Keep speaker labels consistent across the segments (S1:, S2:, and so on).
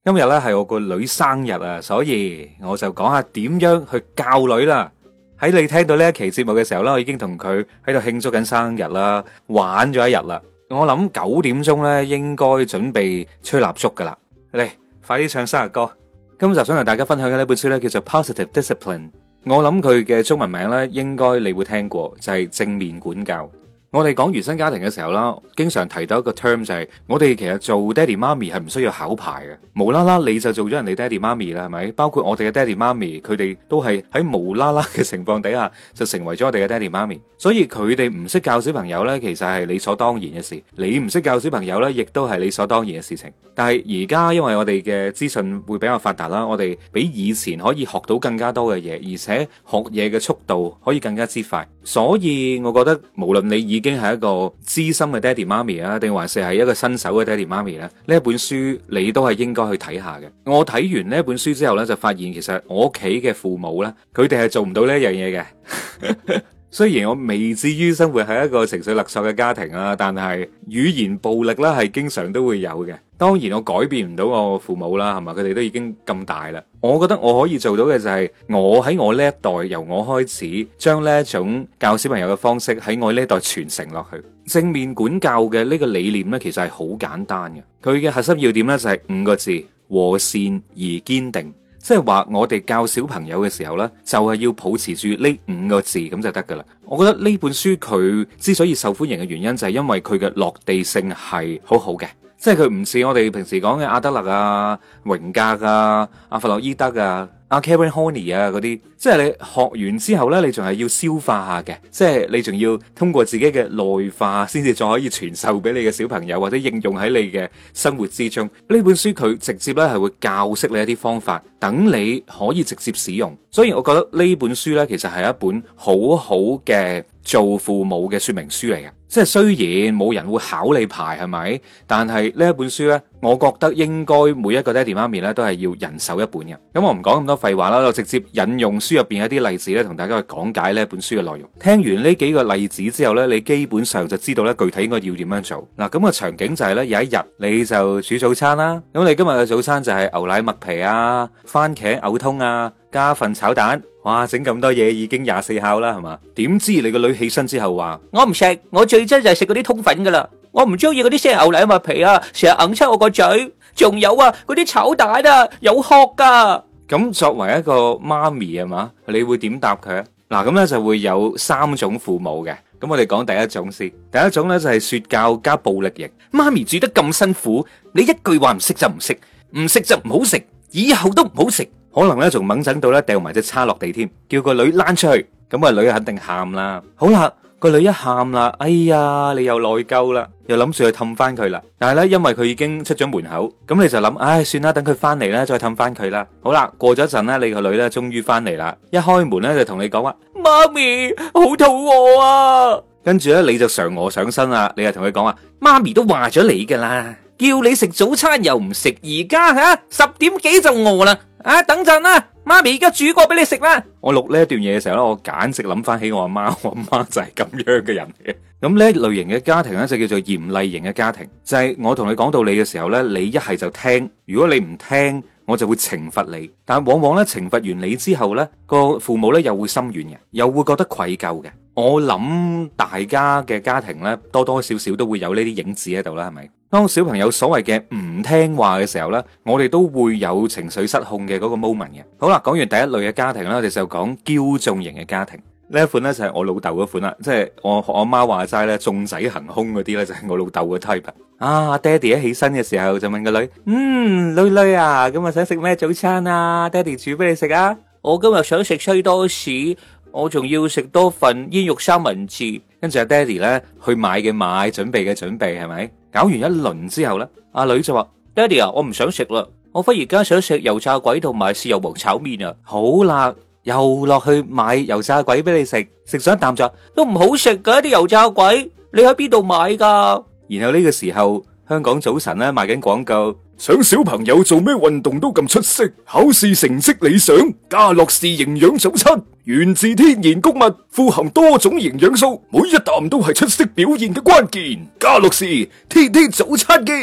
S1: .今日咧係我個女生日啊，所以我就講下點樣去教女啦。喺你聽到呢一期節目嘅時候咧，我已經同佢喺度慶祝緊生日啦，玩咗一日啦。我諗九點鐘咧應該準備吹蠟燭噶啦，嚟快啲唱生日歌。今集想同大家分享嘅呢本書咧叫做《Positive Discipline》，我諗佢嘅中文名咧應該你會聽過，就係正面管教。我哋講原生家庭嘅時候啦，經常提到一個 term 就係，我哋其實做爹哋媽咪係唔需要考牌嘅，無啦啦你就做咗人哋爹哋媽咪啦，係咪？包括我哋嘅爹哋媽咪，佢哋都係喺無啦啦嘅情況底下就成為咗我哋嘅爹哋媽咪，所以佢哋唔識教小朋友呢，其實係理所當然嘅事。你唔識教小朋友呢，亦都係理所當然嘅事情。但係而家因為我哋嘅資訊會比較發達啦，我哋比以前可以學到更加多嘅嘢，而且學嘢嘅速度可以更加之快。所以我覺得，無論你已經係一個資深嘅爹地媽咪啊，定還是係一個新手嘅爹地媽咪咧，呢一本書你都係應該去睇下嘅。我睇完呢本書之後呢，就發現其實我屋企嘅父母呢，佢哋係做唔到呢一樣嘢嘅。 雖然我未至於生活喺一個情緒勒索嘅家庭啊，但係語言暴力咧係經常都會有嘅。當然，我改變唔到我父母啦，係嘛？佢哋都已經咁大啦。我覺得我可以做到嘅就係我喺我呢一代，由我開始，將呢一種教小朋友嘅方式喺我呢一代傳承落去。正面管教嘅呢個理念呢，其實係好簡單嘅。佢嘅核心要點呢，就係五個字：和善而堅定。即係話我哋教小朋友嘅時候呢，就係要保持住呢五個字咁就得噶啦。我覺得呢本書佢之所以受歡迎嘅原因，就係因為佢嘅落地性係好好嘅。即係佢唔似我哋平時講嘅阿德勒啊、榮格啊、阿弗洛伊德啊、阿 Karen Horney 啊嗰啲，即係你學完之後呢，你仲係要消化下嘅，即係你仲要通過自己嘅內化，先至再可以傳授俾你嘅小朋友或者應用喺你嘅生活之中。呢本書佢直接呢係會教識你一啲方法，等你可以直接使用。所以我覺得呢本書呢，其實係一本好好嘅。做父母嘅說明書嚟嘅，即係雖然冇人會考你牌，係咪？但係呢一本書呢，我覺得應該每一個爹地媽咪呢都係要人手一本嘅。咁、嗯、我唔講咁多廢話啦，我直接引用書入邊一啲例子咧，同大家去講解呢本書嘅內容。聽完呢幾個例子之後呢，你基本上就知道呢，具體應該要點樣做。嗱，咁個場景就係呢：有一日你就煮早餐啦。咁、嗯、你今日嘅早餐就係牛奶麥皮啊，番茄牛通啊。加份炒蛋，哇！整咁多嘢已經廿四孝啦，係嘛？點知你個女起身之後話：我唔食，我最憎就係食嗰啲通粉噶啦，我唔中意嗰啲腥牛奶啊皮啊，成日揞出我個嘴。仲有啊，嗰啲炒蛋啊有殼噶。咁、嗯、作為一個媽咪係嘛，你會點答佢？嗱，咁呢就會有三種父母嘅。咁我哋講第一種先。第一種呢就係說教加暴力型。媽咪煮得咁辛苦，你一句話唔食就唔食，唔食就唔好食，以後都唔好食。可能咧仲掹整到咧掉埋隻叉落地添，叫個女攋出去，咁、那個女肯定喊啦。好啦，個女一喊啦，哎呀，你又內疚啦，又諗住去氹翻佢啦。但係咧，因為佢已經出咗門口，咁你就諗，唉、哎，算啦，等佢翻嚟啦，再氹翻佢啦。好啦，過咗一陣咧，你個女咧終於翻嚟啦，一開門咧就同你講話，媽咪好肚餓啊！跟住咧你就上我上身啦，你又同佢講話，媽咪都話咗你噶啦，叫你食早餐又唔食，而家吓十點幾就餓啦。啊，等陣啦，媽咪而家煮過俾你食啦。我錄呢一段嘢嘅時候咧，我簡直諗翻起我阿媽，我阿媽就係咁樣嘅人嘅。咁呢類型嘅家庭咧，就叫做嚴厲型嘅家庭，就係、是、我同你講道理嘅時候呢，你一係就聽，如果你唔聽，我就會懲罰你。但往往呢，懲罰完你之後呢，個父母呢又會心軟嘅，又會覺得愧疚嘅。我諗大家嘅家庭呢，多多少少都會有呢啲影子喺度啦，係咪？當小朋友所謂嘅唔聽話嘅時候呢我哋都會有情緒失控嘅嗰個 moment 嘅。好啦，講完第一類嘅家庭啦，我哋就講驕縱型嘅家庭呢一款呢，就係我老豆嗰款啦，即係我阿媽話齋呢，「縱仔行凶」嗰啲呢，就係我老豆嘅 type 啊。爹哋一起身嘅時候就問個女，嗯，女女啊，今日想食咩早餐啊？爹哋煮俾你食啊？我今日想食西多士。我仲要食多份煙肉三文治，跟住阿爹哋呢去買嘅買，準備嘅準備係咪？搞完一輪之後呢，阿女就話：爹哋啊，我唔想食啦，我忽然間想食油炸鬼同埋豉油王炒麵啊，好啦！又落去買油炸鬼俾你食，食咗一啖就都唔好食嘅啲油炸鬼，你喺邊度買噶？然後呢個時候，香港早晨呢賣緊廣告。想小朋友做咩運動都咁出色，考試成績理想。家樂士營養早餐源自天然穀物，富含多種營養素，每一啖都係出色表現嘅關鍵。家樂士，天天早餐見。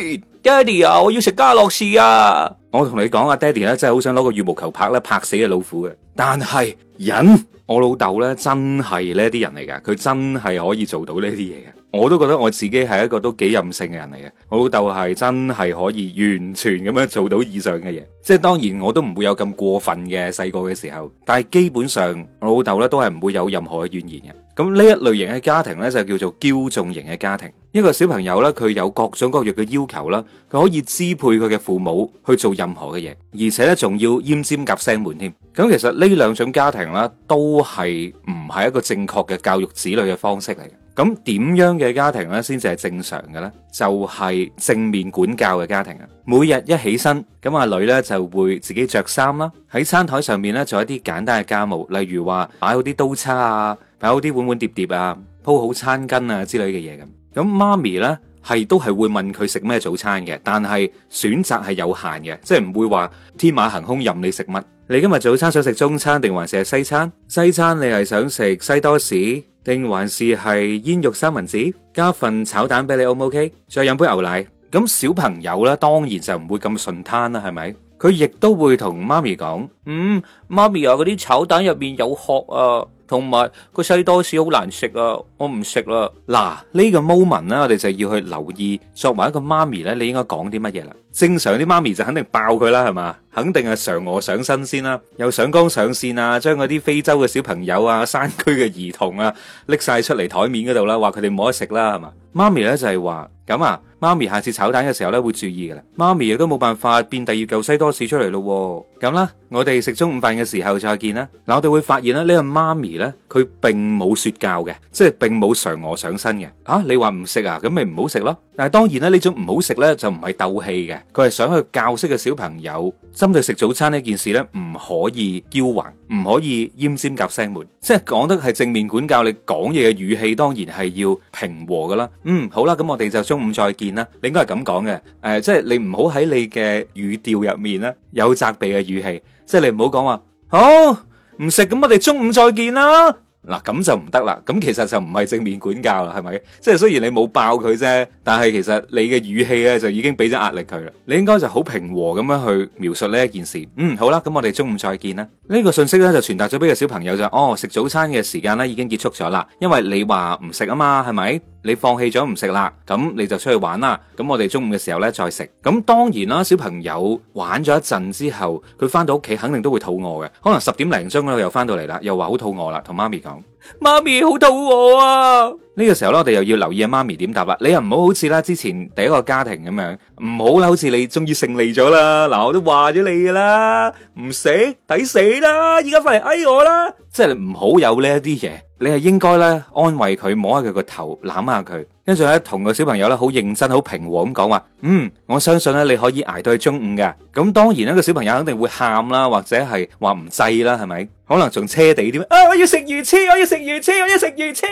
S1: 爹哋啊，我要食家樂士啊！我同你講啊，爹哋咧真係好想攞個羽毛球拍咧拍死嘅老虎嘅，但係忍。我老豆咧真係呢啲人嚟噶，佢真係可以做到呢啲嘢嘅。我都覺得我自己係一個都幾任性嘅人嚟嘅，我老豆係真係可以完全咁樣做到以上嘅嘢，即係當然我都唔會有咁過分嘅細個嘅時候，但係基本上我老豆呢都係唔會有任何嘅怨言嘅。咁、嗯、呢一類型嘅家庭呢，就叫做驕縱型嘅家庭，一個小朋友呢，佢有各種各樣嘅要求啦，佢可以支配佢嘅父母去做任何嘅嘢，而且呢仲要奄尖夾聲門添。咁、嗯、其實呢兩種家庭咧都係唔係一個正確嘅教育子女嘅方式嚟嘅。咁點樣嘅家庭呢，先至係正常嘅呢？就係正面管教嘅家庭啊！每日一起身，咁阿女呢就會自己着衫啦，喺餐台上面呢做一啲簡單嘅家務，例如話擺好啲刀叉啊，擺好啲碗碗碟碟啊，鋪好餐巾啊之類嘅嘢咁。咁媽咪呢？係都係會問佢食咩早餐嘅，但係選擇係有限嘅，即係唔會話天馬行空任你食乜。你今日早餐想食中餐定還是係西餐？西餐你係想食西多士定還是係煙肉三文治？加份炒蛋俾你 O 唔 OK？再飲杯牛奶。咁小朋友咧，當然就唔會咁順攤啦，係咪？佢亦都會同媽咪講：嗯，媽咪啊，嗰啲炒蛋入面有殼啊！同埋個西多士好難食啊，我唔食啦。嗱，呢個 moment 呢，我哋就要去留意，作為一個媽咪呢，你應該講啲乜嘢啦？正常啲媽咪就肯定爆佢啦，係嘛？肯定係嫦娥上新鮮啦，又上綱上線啊，將嗰啲非洲嘅小朋友啊、山區嘅兒童啊拎晒出嚟枱面嗰度啦，話佢哋冇得食啦，係嘛？媽咪呢就係話咁啊，媽咪下次炒蛋嘅時候呢會注意嘅啦。媽咪亦都冇辦法變第二嚿西多士出嚟咯。咁啦，我哋食中午飯嘅時候再見啦。嗱，我哋會發現啦，呢個媽咪。咧佢並冇說教嘅，即係並冇嫦娥上身嘅。啊，你話唔食啊，咁咪唔好食咯。但係當然咧，呢種唔好食咧就唔係鬥氣嘅，佢係想去教識嘅小朋友，針對食早餐呢件事咧，唔可以驕橫，唔可以奄尖夾聲門，即係講得係正面管教。你講嘢嘅語氣當然係要平和噶啦。嗯，好啦，咁我哋就中午再見啦。你應該係咁講嘅，誒，即係你唔好喺你嘅語調入面咧有責備嘅語氣，即係你唔好講話好。唔食，咁我哋中午再見啦。嗱，咁就唔得啦。咁其實就唔係正面管教啦，係咪？即係雖然你冇爆佢啫，但係其實你嘅語氣咧就已經俾咗壓力佢啦。你應該就好平和咁樣去描述呢一件事。嗯，好啦，咁我哋中午再見啦。呢個信息咧就傳達咗俾個小朋友就話哦，食早餐嘅時間咧已經結束咗啦，因為你話唔食啊嘛，係咪？你放棄咗唔食啦，咁你就出去玩啦。咁我哋中午嘅時候呢再食。咁當然啦，小朋友玩咗一陣之後，佢翻到屋企肯定都會肚餓嘅。可能十點零鐘啦，又翻到嚟啦，又話好肚餓啦，同媽咪講：媽咪好肚餓啊！呢個時候呢，我哋又要留意阿媽咪點答啦。你又唔好好似啦之前第一個家庭咁樣，唔好啦，好似你終於勝利咗啦。嗱，啊，我都話咗你噶啦，唔死抵死啦，依家翻嚟哎，我啦。即係你唔好有呢一啲嘢。你係應該咧，安慰佢，摸下佢個頭，攬下佢。跟住咧，同個小朋友咧好認真、好平和咁講話。嗯，我相信咧，你可以挨到去中午嘅。咁當然呢個小朋友肯定會喊啦，或者係話唔制啦，係咪？可能仲車地啲咩？啊，我要食魚翅，我要食魚翅，我要食魚翅。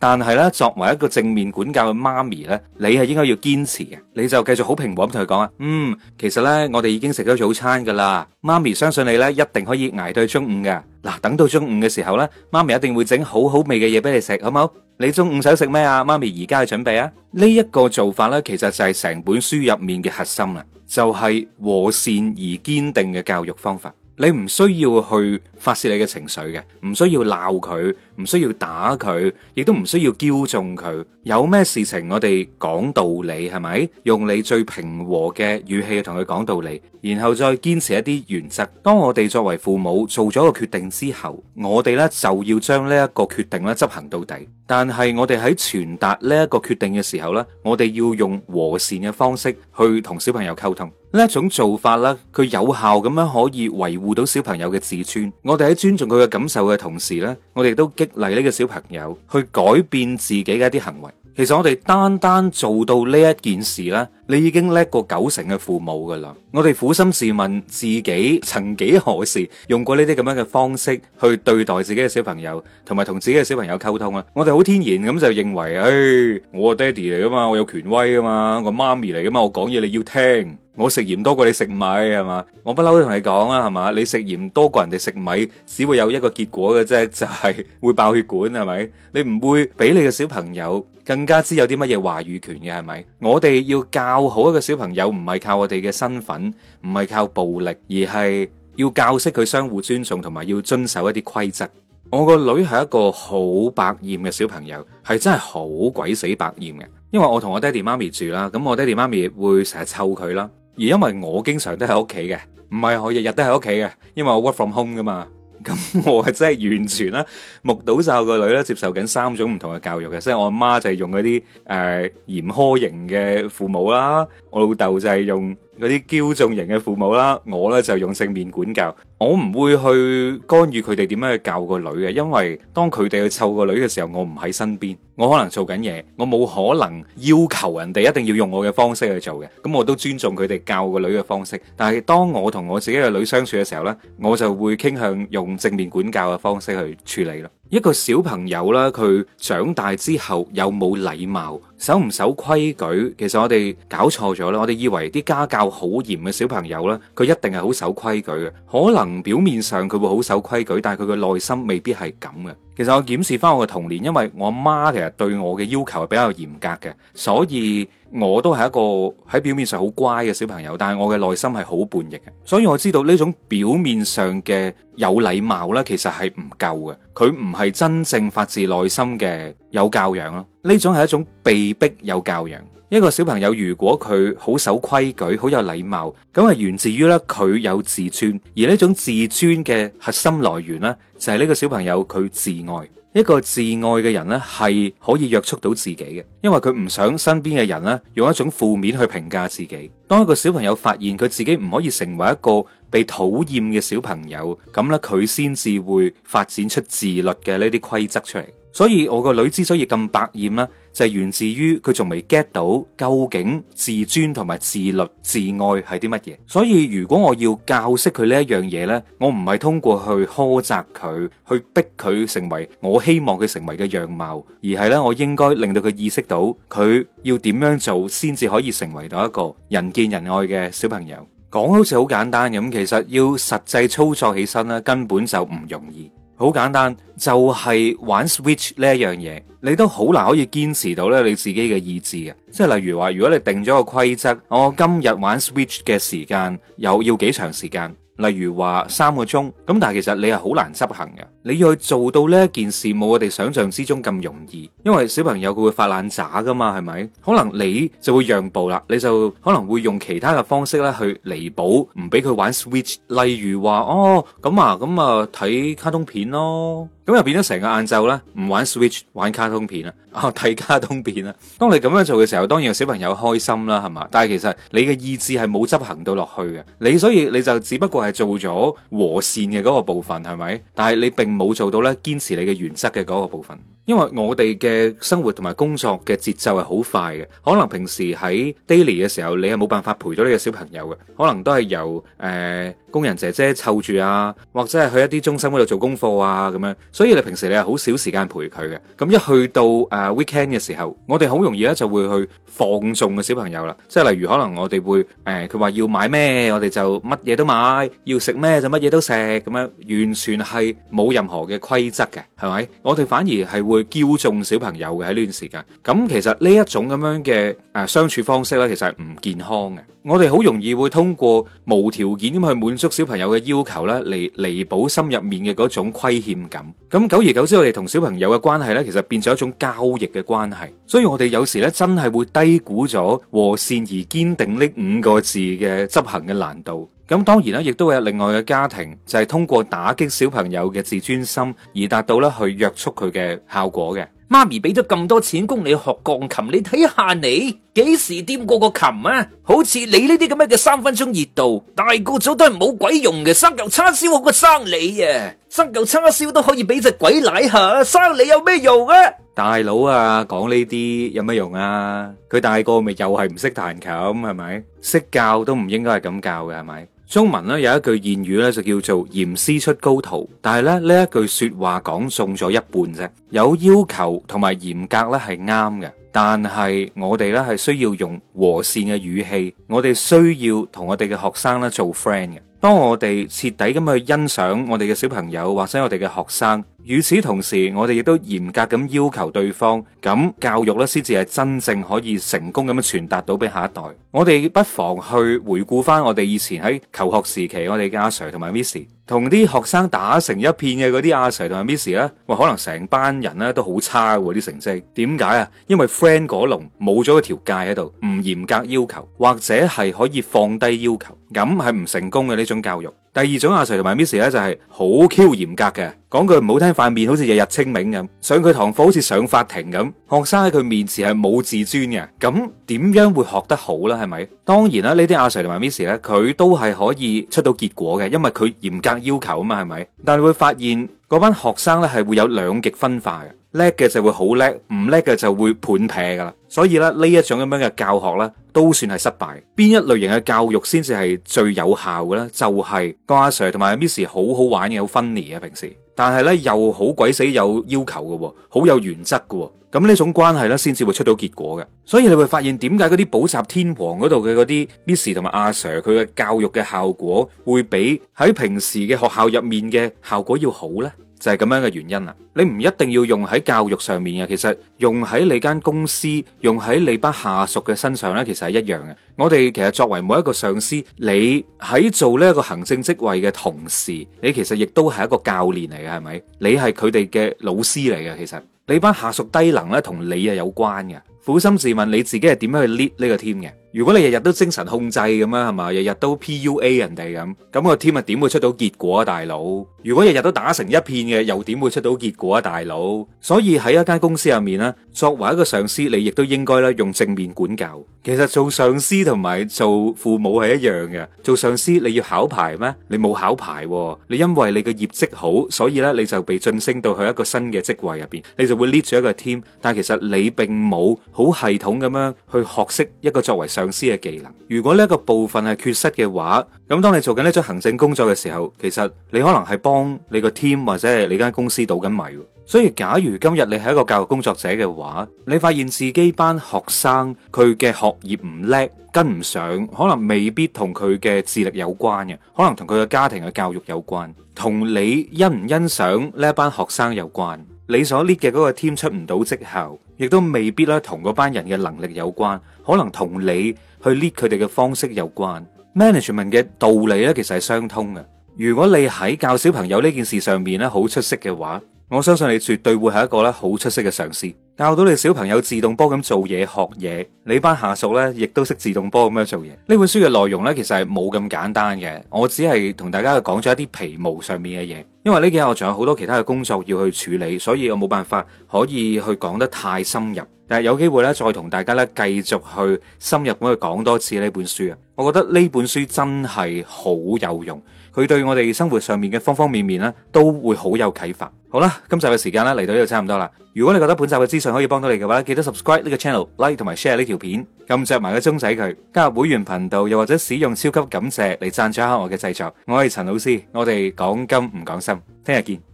S1: 但係咧，作為一個正面管教嘅媽咪咧，你係應該要堅持嘅。你就繼續好平和咁同佢講啊。嗯，其實咧，我哋已經食咗早餐噶啦。媽咪相信你咧，一定可以挨到去中午嘅。嗱，等到中午嘅時候咧，媽咪一定會整好好味嘅嘢俾你食，好冇？你中午想食咩啊？媽咪而家去準備啊！呢一個做法呢，其實就係成本書入面嘅核心啦，就係和善而堅定嘅教育方法。你唔需要去發洩你嘅情緒嘅，唔需要鬧佢。唔需要打佢，亦都唔需要驕縱佢。有咩事情我哋講道理係咪？用你最平和嘅語氣同佢講道理，然後再堅持一啲原則。當我哋作為父母做咗個決定之後，我哋咧就要將呢一個決定咧執行到底。但係我哋喺傳達呢一個決定嘅時候咧，我哋要用和善嘅方式去同小朋友溝通。呢一種做法咧，佢有效咁樣可以維護到小朋友嘅自尊。我哋喺尊重佢嘅感受嘅同時咧，我哋都。激勵呢個小朋友去改變自己嘅一啲行為，其實我哋單單做到呢一件事咧，你已經叻過九成嘅父母噶啦。我哋苦心試問自己，曾幾何時用過呢啲咁樣嘅方式去對待自己嘅小朋友，同埋同自己嘅小朋友溝通啊？我哋好天然咁就認為，唉、哎，我係爹哋嚟噶嘛，我有權威噶嘛，我媽咪嚟噶嘛，我講嘢你要聽。我食鹽多過你食米係嘛？我不嬲都同你講啦係嘛？你食鹽多過人哋食米，只會有一個結果嘅啫，就係會爆血管係咪？你唔會俾你嘅小朋友更加知有啲乜嘢話語權嘅係咪？我哋要教好一個小朋友，唔係靠我哋嘅身份，唔係靠暴力，而係要教識佢相互尊重，同埋要遵守一啲規則。我個女係一個好百厭嘅小朋友，係真係好鬼死百厭嘅，因為我同我爹地媽咪住啦，咁我爹地媽咪會成日湊佢啦。而因為我經常都喺屋企嘅，唔係我日日都喺屋企嘅，因為我 work from home 㗎嘛，咁我係真係完全啦，目睹晒個女咧接受緊三種唔同嘅教育嘅，即係我阿媽就係用嗰啲誒嚴苛型嘅父母啦，我老豆就係用，嗰啲驕縱型嘅父母啦，我呢就用正面管教，我唔會去干預佢哋點樣去教個女嘅，因為當佢哋去湊個女嘅時候，我唔喺身邊，我可能做緊嘢，我冇可能要求人哋一定要用我嘅方式去做嘅，咁我都尊重佢哋教個女嘅方式。但係當我同我自己嘅女相處嘅時候呢，我就會傾向用正面管教嘅方式去處理啦。一個小朋友啦，佢長大之後有冇禮貌？守唔守規矩？其實我哋搞錯咗啦，我哋以為啲家教好嚴嘅小朋友呢，佢一定係好守規矩嘅。可能表面上佢會好守規矩，但係佢嘅內心未必係咁嘅。其實我檢視翻我嘅童年，因為我媽其實對我嘅要求係比較嚴格嘅，所以我都係一個喺表面上好乖嘅小朋友，但係我嘅內心係好叛逆嘅。所以我知道呢種表面上嘅有禮貌呢，其實係唔夠嘅，佢唔係真正發自內心嘅有教養咯。呢種係一種被逼有教養。一個小朋友如果佢好守規矩、好有禮貌，咁係源自於咧佢有自尊，而呢種自尊嘅核心來源呢，就係呢個小朋友佢自愛。一個自愛嘅人呢，係可以約束到自己嘅，因為佢唔想身邊嘅人呢，用一種負面去評價自己。當一個小朋友發現佢自己唔可以成為一個被討厭嘅小朋友，咁咧佢先至會發展出自律嘅呢啲規則出嚟。所以我個女之所以咁百厭啦。就源自於佢仲未 get 到究竟自尊同埋自律、自愛係啲乜嘢，所以如果我要教識佢呢一樣嘢呢，我唔係通過去苛責佢，去逼佢成為我希望佢成為嘅樣貌，而係呢，我應該令到佢意識到佢要點樣做先至可以成為到一個人見人愛嘅小朋友。講好似好簡單咁，其實要實際操作起身呢，根本就唔容易。好簡單，就係玩 Switch 呢一樣嘢，你都好難可以堅持到咧你自己嘅意志嘅。即係例如話，如果你定咗個規則，我今日玩 Switch 嘅時間又要幾長時間？例如話三個鐘，咁但係其實你係好難執行嘅，你要去做到呢一件事冇我哋想象之中咁容易，因為小朋友佢會發爛渣噶嘛，係咪？可能你就會讓步啦，你就可能會用其他嘅方式咧去彌補，唔俾佢玩 Switch，例如話，哦，咁啊，咁啊，睇卡通片咯。咁又變咗成個晏晝啦，唔玩 Switch，玩卡通片啦，哦，睇卡通片啦。當你咁樣做嘅時候，當然有小朋友開心啦，係嘛？但係其實你嘅意志係冇執行到落去嘅，你所以你就只不過係做咗和善嘅嗰個部分，係咪？但係你並冇做到咧，堅持你嘅原則嘅嗰個部分。因為我哋嘅生活同埋工作嘅節奏係好快嘅，可能平時喺 daily 嘅時候，你係冇辦法陪到呢個小朋友嘅，可能都係由誒、呃、工人姐姐湊住啊，或者係去一啲中心嗰度做功課啊咁樣，所以你平時你係好少時間陪佢嘅。咁一去到誒、呃、weekend 嘅時候，我哋好容易咧就會去放縱個小朋友啦，即係例如可能我哋會誒佢話要買咩，我哋就乜嘢都買，要食咩就乜嘢都食，咁樣完全係冇任何嘅規則嘅，係咪？我哋反而係會。會驕縱小朋友嘅喺呢段時間咁，其實呢一種咁樣嘅、誒相處方式咧，其實係唔健康嘅。我哋好容易會通過無條件咁去滿足小朋友嘅要求咧，嚟彌補心入面嘅嗰種虧欠感。咁久而久之，我哋同小朋友嘅關係咧，其實變咗一種交易嘅關係。所以我哋有時咧，真係會低估咗和善而堅定呢五個字嘅執行嘅難度。咁當然啦，亦都有另外嘅家庭就係通過打擊小朋友嘅自尊心而達到咧去約束佢嘅效果嘅。媽咪俾咗咁多錢供你學鋼琴，你睇下你幾時掂過個琴啊？好似你呢啲咁樣嘅三分鐘熱度，大個咗都係冇鬼用嘅。生舊叉燒好過生你啊！生舊叉燒都可以俾隻鬼奶嚇，生你有咩用啊？大佬啊，講呢啲有咩用啊？佢大個咪又係唔識彈琴係咪？識教都唔應該係咁教嘅係咪？中文咧，有一句諺語咧，就叫做嚴師出高徒，但係咧，呢一句說話講中咗一半啫。有要求同埋嚴格咧，係啱嘅，但係我哋咧，係需要用和善嘅語氣，我哋需要同我哋嘅學生咧，做 friend 嘅。當我哋徹底咁去欣賞我哋嘅小朋友或者我哋嘅學生。與此同時，我哋亦都嚴格咁要求對方，咁教育咧先至係真正可以成功咁樣傳達到俾下一代。我哋不妨去回顧翻我哋以前喺求學時期，我哋嘅阿 Sir 同埋 Miss 同啲學生打成一片嘅嗰啲阿 Sir 同埋 Miss 咧，哇，可能成班人咧都好差啲成績，點解啊？因為 friend 嗰籠冇咗個條界喺度，唔嚴格要求，或者係可以放低要求，咁係唔成功嘅呢種教育。第二種阿 Sir 同埋 Miss 咧就係好 Q 嚴格嘅，講句唔好聽，塊面好似日日清明咁，上佢堂課好似上法庭咁，學生喺佢面前係冇自尊嘅，咁點樣會學得好啦？係咪？當然啦，呢啲阿 Sir 同埋 Miss 咧，佢都係可以出到結果嘅，因為佢嚴格要求啊嘛，係咪？但係會發現嗰班學生咧係會有兩極分化嘅。叻嘅就會好叻，唔叻嘅就會判劈噶啦。所以咧呢一種咁樣嘅教學咧，都算係失敗。邊一類型嘅教育先至係最有效嘅呢？就係個阿 Sir 同埋 Miss 好好玩嘅，有分離嘅平時。但係呢，又好鬼死有要求嘅，好有原則嘅。咁呢種關係咧，先至會出到結果嘅。所以你會發現點解嗰啲補習天王嗰度嘅嗰啲 Miss 同埋阿 Sir 佢嘅教育嘅效果會比喺平時嘅學校入面嘅效果要好呢？就係咁樣嘅原因啦，你唔一定要用喺教育上面嘅，其實用喺你間公司、用喺你班下屬嘅身上呢，其實係一樣嘅。我哋其實作為每一個上司，你喺做呢一個行政職位嘅同時，你其實亦都係一個教練嚟嘅，係咪？你係佢哋嘅老師嚟嘅，其實你班下屬低能呢，同你係有關嘅。苦心自問你自己係點樣去 lead 呢個 team 嘅？如果你日日都精神控制咁啊，係嘛？日日都 PUA 人哋咁，咁，咁個 team 啊點會出到結果啊大佬？如果日日都打成一片嘅，又點會出到結果啊大佬？所以喺一間公司入面呢，作為一個上司，你亦都應該咧用正面管教。其實做上司同埋做父母係一樣嘅。做上司你要考牌咩？你冇考牌，啊，你因為你嘅業績好，所以咧你就被晉升到去一個新嘅職位入邊，你就會 lead 住一個 team。但其實你並冇。好系統咁樣去學識一個作為上司嘅技能。如果呢個部分係缺失嘅話，咁當你做緊呢種行政工作嘅時候，其實你可能係幫你個 team 或者係你間公司倒緊米。所以假如今日你係一個教育工作者嘅話，你發現自己班學生佢嘅學業唔叻，跟唔上，可能未必同佢嘅智力有關嘅，可能同佢嘅家庭嘅教育有關，同你欣唔欣賞呢一班學生有關。你所 lead 嘅嗰個 team 出唔到績效，亦都未必咧同嗰班人嘅能力有關，可能同你去 lead 佢哋嘅方式有關。Management 嘅道理咧，其實係相通嘅。如果你喺教小朋友呢件事上面咧好出色嘅話，我相信你絕對會係一個咧好出色嘅上司，教到你小朋友自動波咁做嘢學嘢，你班下屬咧亦都識自動波咁樣做嘢。呢本書嘅內容咧，其實係冇咁簡單嘅，我只係同大家講咗一啲皮毛上面嘅嘢。因為呢幾日我仲有好多其他嘅工作要去處理，所以我冇辦法可以去講得太深入。但係有機會咧，再同大家咧繼續去深入咁去講多次呢本書啊！我覺得呢本書真係好有用。佢對我哋生活上面嘅方方面面咧，都會好有啟發。好啦，今集嘅時間咧，嚟到呢度差唔多啦。如果你覺得本集嘅資訊可以幫到你嘅話咧，記得 subscribe 呢個 channel、like 同埋 share 呢條片，撳着埋個鐘仔佢，加入會員頻道又或者使用超級感謝嚟贊助一下我嘅製作。我係陳老師，我哋講金唔講心，聽日見。